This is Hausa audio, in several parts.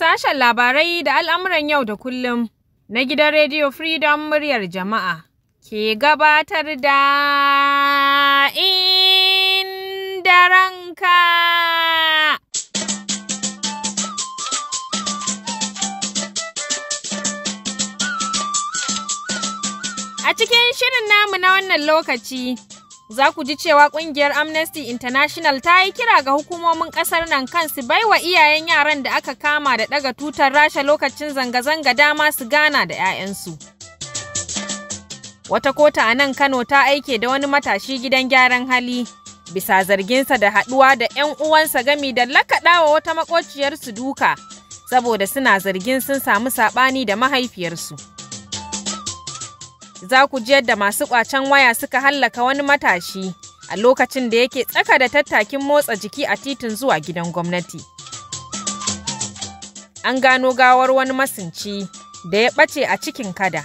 Sashen labarai da al'amuran yau da kullum na gidan Radio Freedom muryar jama'a ke gabatar da inda ranka. A cikin shirin namu na wannan lokaci Za ku ji cewa ƙungiyar Amnesty International ta yi kira ga hukumomin ƙasar nan kan su bai wa iyayen yaran da aka kama da ɗaga tutar rasha lokacin zanga-zanga dama su gana da 'ya'yansu. Wata kota a nan Kano ta aike da wani matashi gidan gyaran hali. Bisa zarginsa da haɗuwa da 'yan uwansa gami da lakaɗawa wata makociyarsu duka, saboda suna zargin sun samu saɓani da mahaifiyarsu. za ku ji yadda masu ƙwacen waya suka hallaka wani matashi a lokacin da yake tsaka da tattakin motsa jiki a titin zuwa gidan gwamnati. An gano gawar wani masinci da ya ɓace a cikin kada.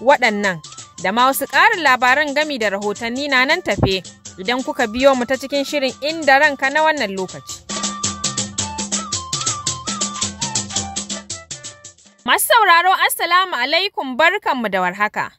Waɗannan da ma wasu ƙarin labaran gami da rahotanni na nan tafe idan kuka biyo mu ta cikin shirin inda ranka na wannan lokaci. Masu sauraro Assalamu alaikum mu da warhaka.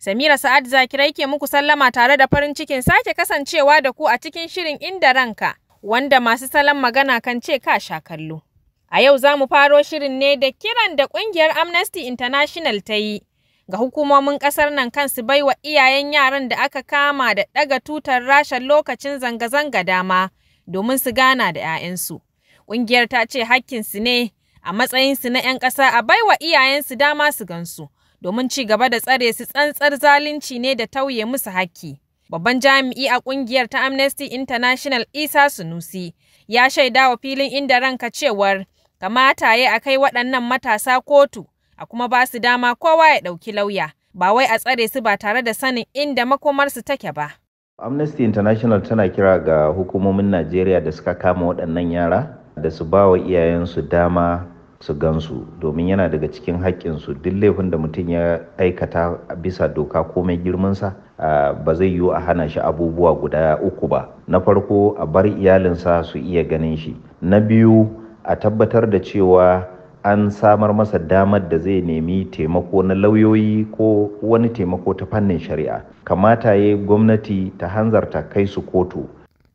Samira Sa'ad zakirai ke muku sallama tare da farin cikin sake kasancewa da ku a cikin shirin inda ranka wanda masu salon magana kan ce ka sha kallo. A yau za mu faro shirin ne da kiran da ƙungiyar Amnesty International ta yi ga hukumomin ƙasar nan kan su bai wa iyayen yaran da aka kama da ɗaga tutar rasha lokacin zanga-zanga dama domin su gana da 'ya'yansu. Ƙungiyar ta ce hakkinsu ne a matsayinsu na 'yan ƙasa a baiwa iyayensu dama su gansu domin ci gaba da tsare su tsantsar zalunci ne da tauye musu haƙƙi. Babban jami'i a ƙungiyar ta Amnesty International Isa Sunusi ya shaida wa filin inda ranka cewar kamata ya a kai waɗannan matasa kotu a kuma ba su dama kowa ya ɗauki lauya ba wai a tsare su ba tare da sanin inda makomarsu take ba. Amnesty International tana kira ga hukumomin Najeriya da suka kama waɗannan yara da su ba wa iyayensu dama su gansu domin yana daga cikin haƙƙinsu duk laifin da mutum ya aikata bisa doka ko mai girminsa ba zai yiwu a hana shi abubuwa guda uku ba na farko a bar iyalinsa su iya ganin shi na biyu a tabbatar da cewa an samar masa damar da zai nemi taimako na lauyoyi ko wani taimako ta fannin shari'a kamata ya gwamnati ta hanzarta kai su kotu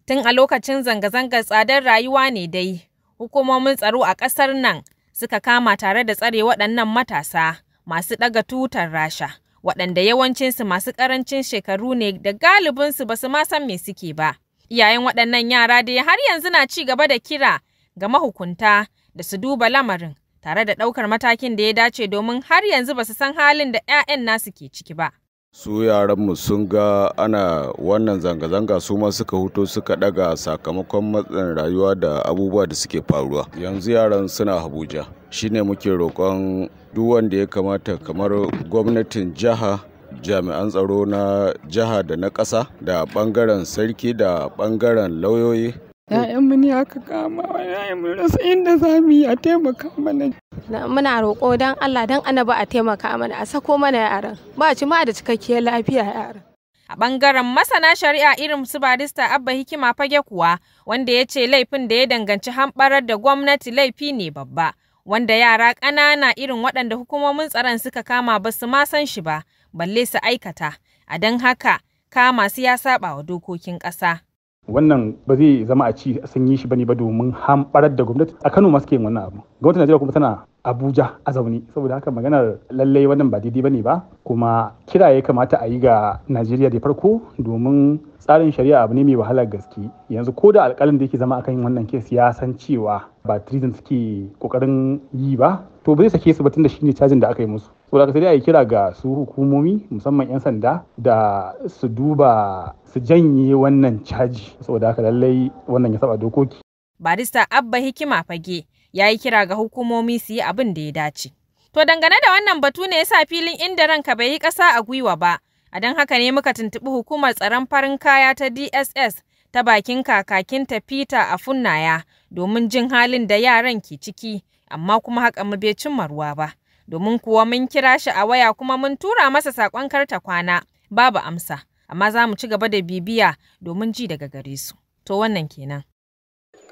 tun a lokacin zanga-zangar tsadar rayuwa ne dai hukumomin tsaro a ƙasar nan suka kama tare da tsare waɗannan matasa masu ɗaga tutar rasha waɗanda yawancinsu masu ƙarancin shekaru ne da galibinsu ba su ma san me suke ba iyayen waɗannan yara dai har yanzu na ci gaba da kira ga mahukunta da su duba lamarin tare da ɗaukar matakin da ya dace domin har yanzu ba su san halin da 'ya'yan nasu ke ciki ba. su yaranmu sun ga ana wannan zanga-zanga su ma suka hutu suka daga sakamakon matsin rayuwa da abubuwa da suke faruwa yanzu yaran suna Habuja, shine muke roƙon duk wanda ya kamata kamar gwamnatin jiha jami'an tsaro na jiha da na ƙasa da ɓangaren sarki da ɓangaren lauyoyi ‘ya'yanmu ne aka kama wa ‘ya'yanmu rasa inda za mu yi a taimaka mana muna roƙo don Allah don anaba a taimaka mana a sako mana yaran ba ci ma da cikakkiyar lafiya yaran. A ɓangaren masana shari'a irin su barista Abba Hikima Fage kuwa wanda ya ce laifin da ya danganci hamɓarar da gwamnati laifi ne babba wanda yara ƙanana irin waɗanda hukumomin tsaron suka kama ba su ma san shi ba balle su aikata a don haka kama su ya saba wa dokokin ƙasa. wannan ba zai zama a ci sun yi shi bane ba domin hamɓarar da gwamnati a Kano ma suke yin wannan abu gwamnatin Najeriya kuma tana abuja a zaune saboda haka maganar lallai wannan ba daidai bane ba kuma kira ya kamata a yi ga najeriya da farko domin tsarin shari'a abu ne mai wahalar gaske yanzu ko da alkalin da yake zama akan wannan kes ya san cewa ba treason suke kokarin yi ba to ba zai sake su ba tunda shine cajin da aka yi musu saboda haka sai dai a yi kira ga su hukumomi musamman yan sanda da su duba su janye wannan caji saboda haka lallai wannan ya saba dokoki barista abba hikima fage ya yi kira ga hukumomi su yi abin da ya dace. To dangane da wannan batu ne yasa filin inda ranka bai yi ƙasa a gwiwa ba, a don haka ne muka tuntuɓi hukumar tsaron farin kaya ta DSS ta bakin kakakinta Peter a funnaya domin jin halin da yaran ke ciki, amma kuma haka mu bai cimma ruwa ba. Domin kuwa mun kira shi a waya kuma mun tura masa saƙon karta kwana, babu amsa, amma za mu ci gaba da bibiya domin ji daga gare su. To wannan kenan.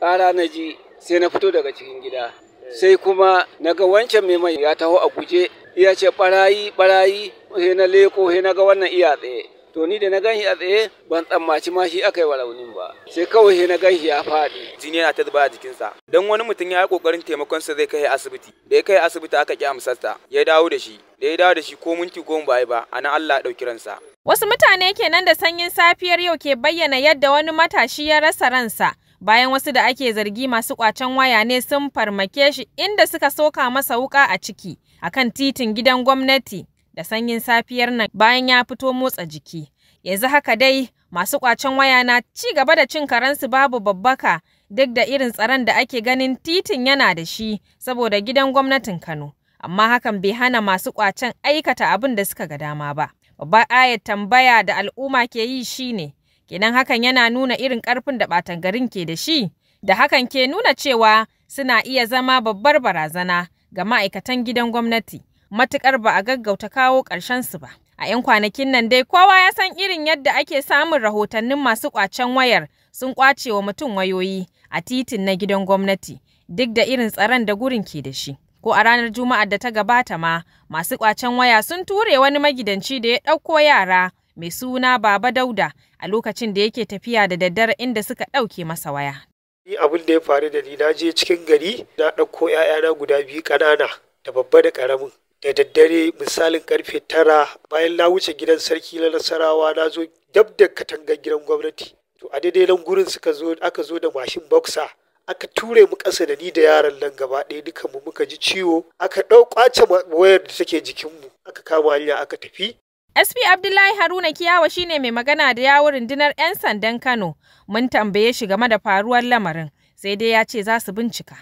Ƙara na ji sai na fito daga cikin gida sai kuma na ga wancan mai mai ya taho a guje iya ce barayi barayi sai na leko sai na ga wannan iya tsaye to ni da na ganshi a tsaye ban tsammaci ma shi aka yi wa raunin ba sai kawai sai na ganshi ya faɗi jini yana ta zuba a jikinsa dan wani mutum ya yi kokarin taimakon sa zai kai asibiti da ya kai asibiti aka ki sa ya dawo da shi da ya dawo da shi ko minti goma ba yi ba ana Allah ya ɗauki ransa Wasu mutane kenan da sanyin safiyar yau ke bayyana yadda wani matashi ya rasa ransa bayan wasu da ake zargi masu kwacen waya ne sun farmake shi inda suka soka masa wuka a ciki a kan titin gidan gwamnati da sanyin safiyar nan bayan ya fito motsa jiki yanzu haka dai masu kwacen waya na ci gaba da cin karensu babu babbaka duk da irin tsaron da ake ganin titin yana da shi saboda gidan gwamnatin kano amma hakan bai hana masu kwacen aikata abin da suka ga dama ba babbar ayar tambaya da al'umma ke yi shine kenan hakan yana nuna irin ƙarfin da ɓatan garin ke da shi da hakan ke nuna cewa suna iya zama babbar barazana ga ma'aikatan gidan gwamnati matuƙar ba a gaggauta kawo ƙarshen su ba. A 'yan kwanakin nan dai kowa ya san irin yadda ake samun rahotannin masu ƙwacen wayar sun ƙwace wa mutum wayoyi a titin na gidan gwamnati duk da irin tsaron da gurin ke da shi. Ko a ranar Juma'ar da ta gabata ma masu ƙwacen waya sun ture wani magidanci da ya ɗauko yara mai suna Baba Dauda a lokacin da yake tafiya da daddare inda suka ɗauke masa waya. Ni abin da ya faru da ni na je cikin gari na ɗauko ‘ya'yana guda biyu ƙanana da babba da ƙaramin. Da daddare misalin karfe tara bayan na wuce gidan sarki na Nasarawa na zo dab da katangar gidan gwamnati. To a daidai nan gurin suka zo aka zo da mashin boxer aka ture mu ƙasa da ni da yaran nan gaba ɗaya duka mu muka ji ciwo aka ɗau ƙwace wayar da take jikinmu aka kama hanya aka tafi SP Abdullahi Haruna Kiyawa shine mai magana da yawun rundunar 'yan sandan Kano. Mun tambaye shi game da faruwar lamarin, sai dai ya ce za su bincika.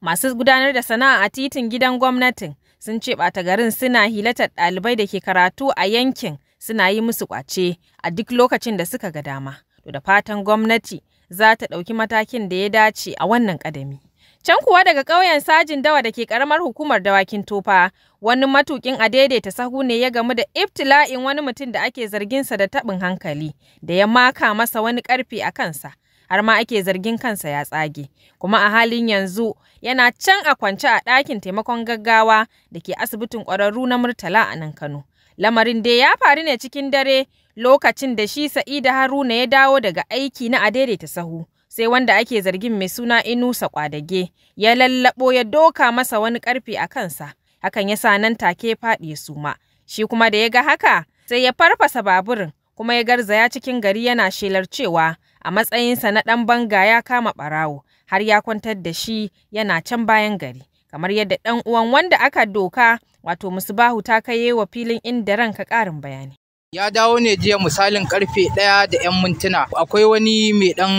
Masu gudanar da sana'a a titin gidan gwamnatin sun ce ɓata garin suna hilatar ɗalibai da ke karatu a yankin suna yi musu ƙwace a duk lokacin da suka ga dama. To da fatan gwamnati za ta ɗauki matakin da ya dace a wannan ƙadami. Can kuwa daga ƙauyen Sajin Dawa da ke ƙaramar hukumar dawakin tofa, wani matukin a daidaita sahu ne ya gamu da ibtila'in wani mutum da ake sa da taɓin hankali, da ya maka masa wani ƙarfi a kansa, har ma ake zargin kansa ya tsage. Kuma a halin yanzu yana can a kwance a ɗakin taimakon gaggawa da ke asibitin ƙwararru na Murtala a nan Kano. Lamarin da ya faru ne cikin dare lokacin da shi Sa'ida Haruna ya dawo daga aiki na a daidaita sahu. sai wanda ake zargin mai suna Inusa Kwadage ya lallabo ya doka masa wani karfe a kansa, hakan ya sa nan take faɗi suma. Shi kuma da ya ga haka sai ya farfasa baburin kuma ya garzaya cikin gari yana shelar cewa a matsayinsa na ɗan banga ya kama ɓarawo har ya kwantar da shi yana can bayan gari. Kamar yadda ɗan uwan wanda aka doka wato Musbahu ta kai wa filin inda ranka ƙarin bayani. ya dawo ne jiya misalin karfe ɗaya da 'yan mintuna akwai wani mai ɗan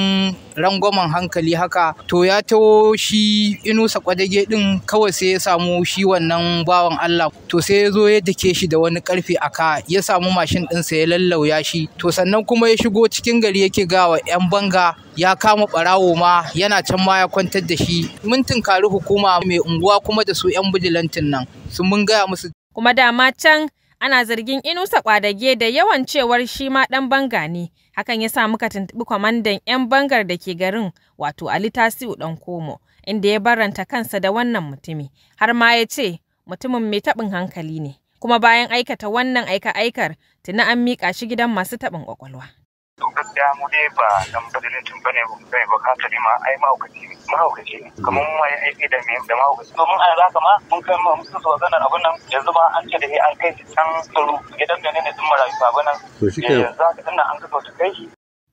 rangwamen hankali haka to ya taho shi inusa kwadage ɗin kawai sai ya samu shi wannan bawan Allah to sai ya zo ya dake shi da wani karfe ka, ya samu mashin ɗinsa ya lallauya shi to sannan kuma ya shigo cikin gari yake gawa 'yan banga ya kama ɓarawo ma yana can ma ya kwantar da shi mun karu hukuma mai unguwa kuma da su 'yan bujilantin nan sun mun gaya musu kuma dama can ana zargin Inusa Kwadage da yawan cewar shi ma dan banga ne. Hakan ya sa muka tuntuɓi kwamandan 'yan bangar da ke garin wato Ali Tasiu dan komo inda ya baranta kansa da wannan mutumi har ma ya ce mutumin mai taɓin hankali ne. Kuma bayan aikata wannan aika-aikar tuna an miƙa shi gidan masu taɓin ƙwaƙwalwa. Duk da mu dai ba dan badalin tun bane ba ka ne ma ai mahaukaci ma mahaukaci ne kamar mu mai aiki da me da mahaukaci to mun ai zaka ma mun kai mu su so zana abun nan yanzu ma an ce da an kai shi can turu, idan da ne ne tun marayu ba nan to shi ke yanzu zaka dinnan an kaso ta kai shi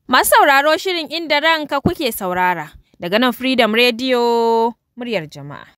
masu sauraro shirin inda ranka kuke saurara daga nan freedom radio muryar jama'a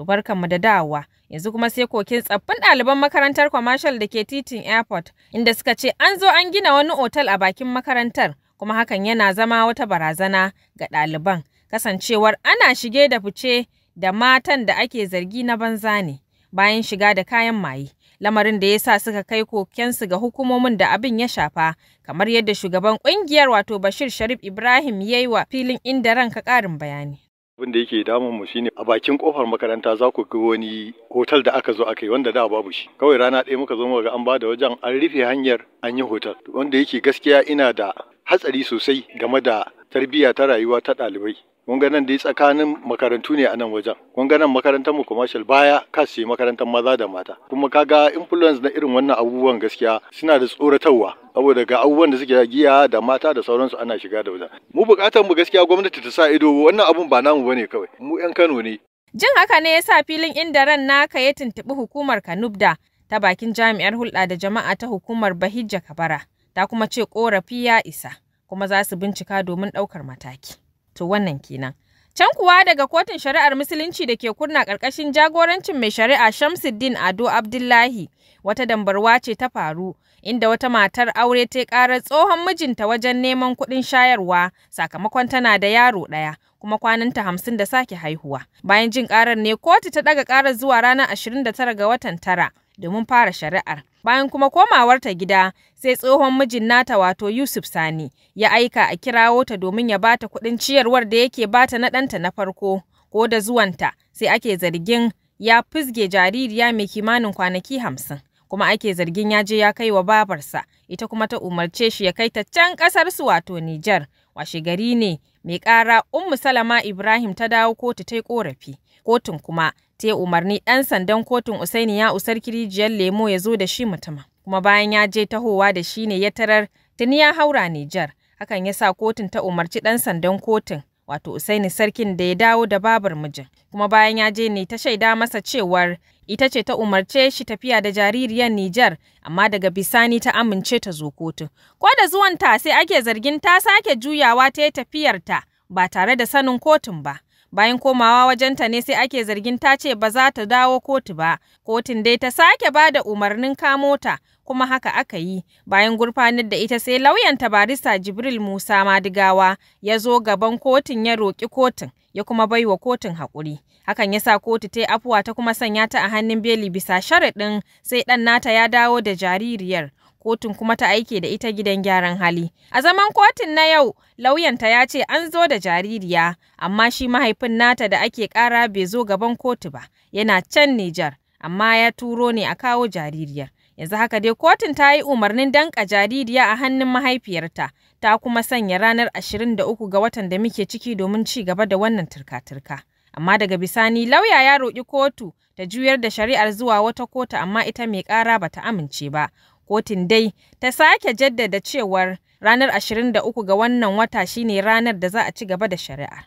To mu da dawowa. Yanzu kuma sai kokin tsaffin ɗaliban makarantar commercial da ke titin airport inda suka ce an zo an gina wani otal a bakin makarantar kuma hakan yana zama wata barazana ga ɗaliban kasancewar ana shige da fice da matan da ake zargi na banza ne bayan shiga da kayan maye. lamarin da ya sa suka kai kokensu ga hukumomin da abin ya shafa kamar yadda shugaban kungiyar wato bashir sharif ibrahim ya yi wa filin inda ranka karin bayani abin da yake damun mu shine a bakin kofar makaranta za ku ga wani hotel da aka zo aka yi wanda da babu shi kawai rana ɗaya muka zo muka ga an bada wajen an rufe hanyar an yi hotel wanda yake gaskiya ina da hatsari sosai game da tarbiyya ta rayuwa ta ɗalibai. Kun ga nan dai tsakanin makarantu ne a nan wajen. Kun ga nan makarantar mu commercial baya ka ce makarantar maza da mata. Kuma kaga influence na irin wannan abubuwan gaskiya suna da tsoratarwa. Saboda ga abubuwan da suke giya da mata da sauransu ana shiga da wajen. Mu bukatar mu gaskiya gwamnati ta sa ido wannan abun ba namu bane kawai. Mu 'yan Kano ne. Jin haka ne ya sa filin inda ran naka ya tuntuɓi hukumar Kanubda ta bakin jami'ar hulɗa da jama'a ta hukumar Bahijja Kabara. ta kuma ce korafi ya isa kuma za su bincika domin ɗaukar mataki. To wannan kenan. Can kuwa daga kotun shari'ar musulunci da ke kunna ƙarƙashin jagorancin mai shari'a Shamsuddin Ado Abdullahi wata dambarwa ce ta faru inda wata matar aure ta ƙara tsohon mijinta wajen neman kuɗin shayarwa sakamakon tana da yaro ɗaya kuma kwananta hamsin da sake haihuwa. Bayan jin ƙarar ne kotu ta ɗaga ƙarar zuwa ranar 29 ga watan tara domin fara shari'ar Bayan kuma komawarta gida sai tsohon mijin nata wato Yusuf Sani ya aika a kirawo ta domin ya bata kuɗin ciyarwar da yake bata na ɗanta na farko ko da zuwanta sai ake zargin ya fizge jaririya mai kimanin kwanaki hamsin. kuma ake zargin ya je ya kai wa babarsa ita kuma ta umarce shi ya kai ta can kasar su wato Nijar washe gari ne mai ƙara Ummu Salama Ibrahim ta dawo kotu ta yi ƙorafi kotun kuma ta yi umarni ɗan sandan kotun Usaini ya usar kirijiyar lemo ya zo da shi mutumin. Kuma bayan ya je tahowa da shi ne ya tarar tuni ya haura Nijar. Hakan ya sa kotun ta umarci ɗan sandan kotun wato Usaini sarkin da ya dawo da babar mijin. Kuma bayan ya je ne ta shaida masa cewar ita ce ta umarce shi tafiya da jaririyar Nijar amma daga bisani ta amince ta zo kotun. Ko da ta sai ake zargin ta sake juyawa ta yi tafiyarta ba tare da sanin kotun ba. bayan komawa wajenta ne sai ake zargin ta ce ba za ta dawo kotu ba kotun dai ta sake ba da umarnin kamo ta kuma haka aka yi bayan gurfanar da ita sai lauyanta barista jibril musa madigawa ya zo gaban kotun ya roƙi kotun ya kuma baiwa kotun haƙuri hakan ya sa kotu ta yi afuwa ta kuma sanya ta a hannun beli bisa sharaɗin sai ɗan nata ya dawo da jaririyar kotun kuma ta aike da ita gidan gyaran hali. A zaman kotun na yau, lauyanta ya ce an zo da jaririya, amma shi mahaifin nata da ake kara bai zo gaban kotu ba, yana can Nijar, amma ya turo ne a kawo jaririyar. Yanzu haka dai kotun ta yi umarnin danka jaririya a hannun mahaifiyarta, ta kuma sanya ranar ashirin da uku ga watan da muke ciki domin ci gaba da wannan turka-turka. amma daga bisani lauya ya roƙi kotu ta juyar da shari'ar zuwa wata kotu amma ita mai ƙara ba ta amince ba Kotun dai ta sake jaddada cewar ranar 23 ga wannan wata shine ranar da za a ci gaba da shari'a.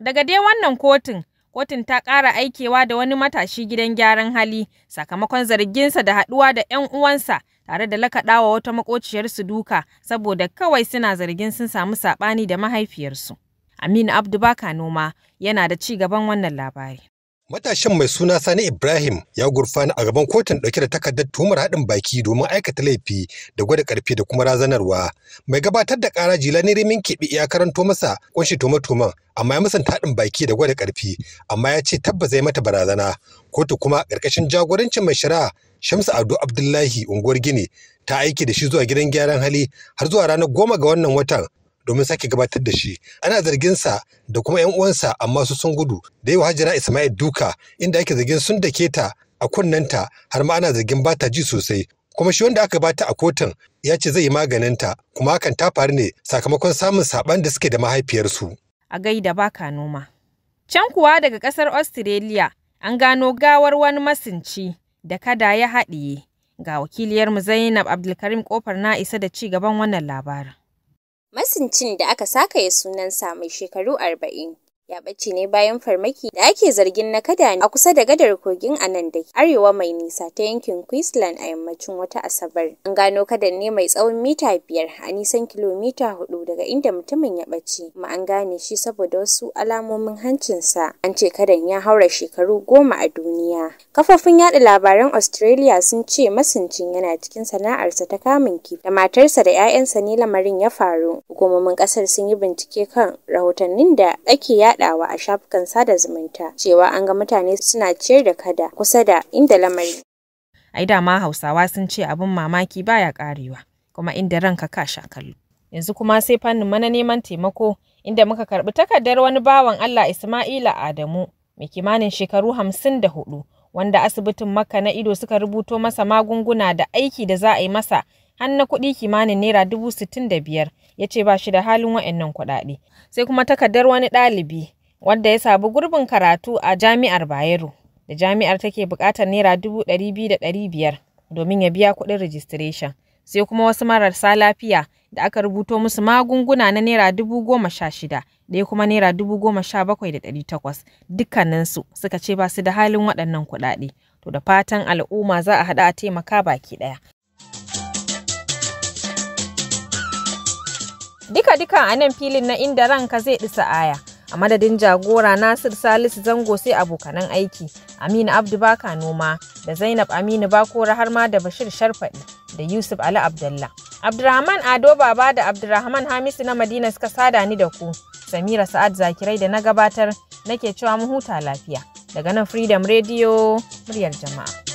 Daga dai wannan kotun, kotun ta ƙara aikewa da wani matashi gidan gyaran hali sakamakon zarginsa da haɗuwa da 'yan uwansa tare da lakaɗawa wata makociyarsu duka saboda kawai suna zargin sun samu saɓani da mahaifiyarsu. Aminu Abdu Baka Noma yana da ci gaban wannan labari. Matashin mai suna Sani Ibrahim ya gurfana a gaban kotun dauke da takardar tuhumar haɗin baki domin aikata laifi da gwada ƙarfi da kuma razanarwa. Mai gabatar da ƙara ne Rimin keɓe ya karanto masa ƙunshi tuma tuhumen amma ya musanta haɗin baki da gwada ƙarfi amma ya ce tabba zai mata barazana. Kotu kuma ƙarƙashin jagorancin mai shari'a Shamsu Ado Abdullahi unguwar Gini ta aiki da shi zuwa gidan gyaran hali har zuwa ranar goma ga wannan watan domin sake gabatar da shi ana zargin sa da kuma yan uwansa amma su sun gudu da yawa Hajara Ismail duka inda ake zargin sun dake ta a kunnanta har ma ana zargin ba ta ji sosai kuma shi wanda aka bata a kotun ya ce zai yi maganin ta, kuma hakan ta faru ne sakamakon samun saban da suke da mahaifiyarsu a gaida baka noma can kuwa daga kasar Australia an gano gawar wani masinci da kada ya haɗiye ga wakiliyarmu Zainab Abdulkarim kofar na isa da ci gaban wannan labarin masincin da aka sakaye sunansa mai shekaru arba'in ya ɓace ne bayan farmaki da ake zargin na kada a kusa da gadar kogin a nan da arewa mai nisa ta yankin Queensland a yammacin wata Asabar. An gano kadan ne mai tsawon mita biyar a nisan kilomita hudu daga inda mutumin ya ɓace, kuma an gane shi saboda wasu alamomin hancinsa. An ce kadan ya haura shekaru goma a duniya. Kafofin yada labaran Australia sun ce masincin yana cikin sana'arsa ta kamun kifi da matarsa da 'ya'yansa ne lamarin ya faru. Hukumomin kasar sun yi bincike kan rahotannin da ake yada yadawa a shafukan sada zumunta cewa an ga mutane suna ciyar da kada kusa da inda lamarin. Ai dama Hausawa sun ce abin mamaki baya karewa kuma inda ranka ka sha kallo. Yanzu kuma sai fannin mana neman taimako inda muka karbi takardar wani bawan Allah Ismaila Adamu mai kimanin shekaru hamsin da hudu wanda asibitin Makka na ido suka rubuto masa magunguna da aiki da za a yi masa har na kuɗi kimanin naira dubu sittin da biyar ya ce ba shi da halin wa'annan kuɗaɗe. Sai kuma takardar wani ɗalibi wanda ya sabu gurbin karatu a jami'ar Bayero da jami'ar take buƙatar naira dubu ɗari biyu da ɗari biyar domin ya biya kuɗin registration. Sai kuma wasu marasa lafiya da aka rubuto musu magunguna na naira dubu goma sha shida ɗaya kuma naira dubu goma sha bakwai da ɗari takwas dukkaninsu suka ce ba su da halin waɗannan kuɗaɗe. To da fatan al'umma za a haɗa a taimaka baki ɗaya. Duka duka a nan filin na inda ranka zai ɗisa aya. A madadin jagora Nasir Salisu Zango sai abokanan aiki, Aminu Abdu Baka Noma, da Zainab Aminu Bakora har ma da Bashir Sharfaɗi da Yusuf Ali Abdullah. Abdurrahman Ado Baba da Abdurrahman Hamisu na Madina suka sada ni da ku. Samira Sa'ad Zakirai da na gabatar nake cewa mu huta lafiya. Daga nan Freedom Radio, muryar jama'a.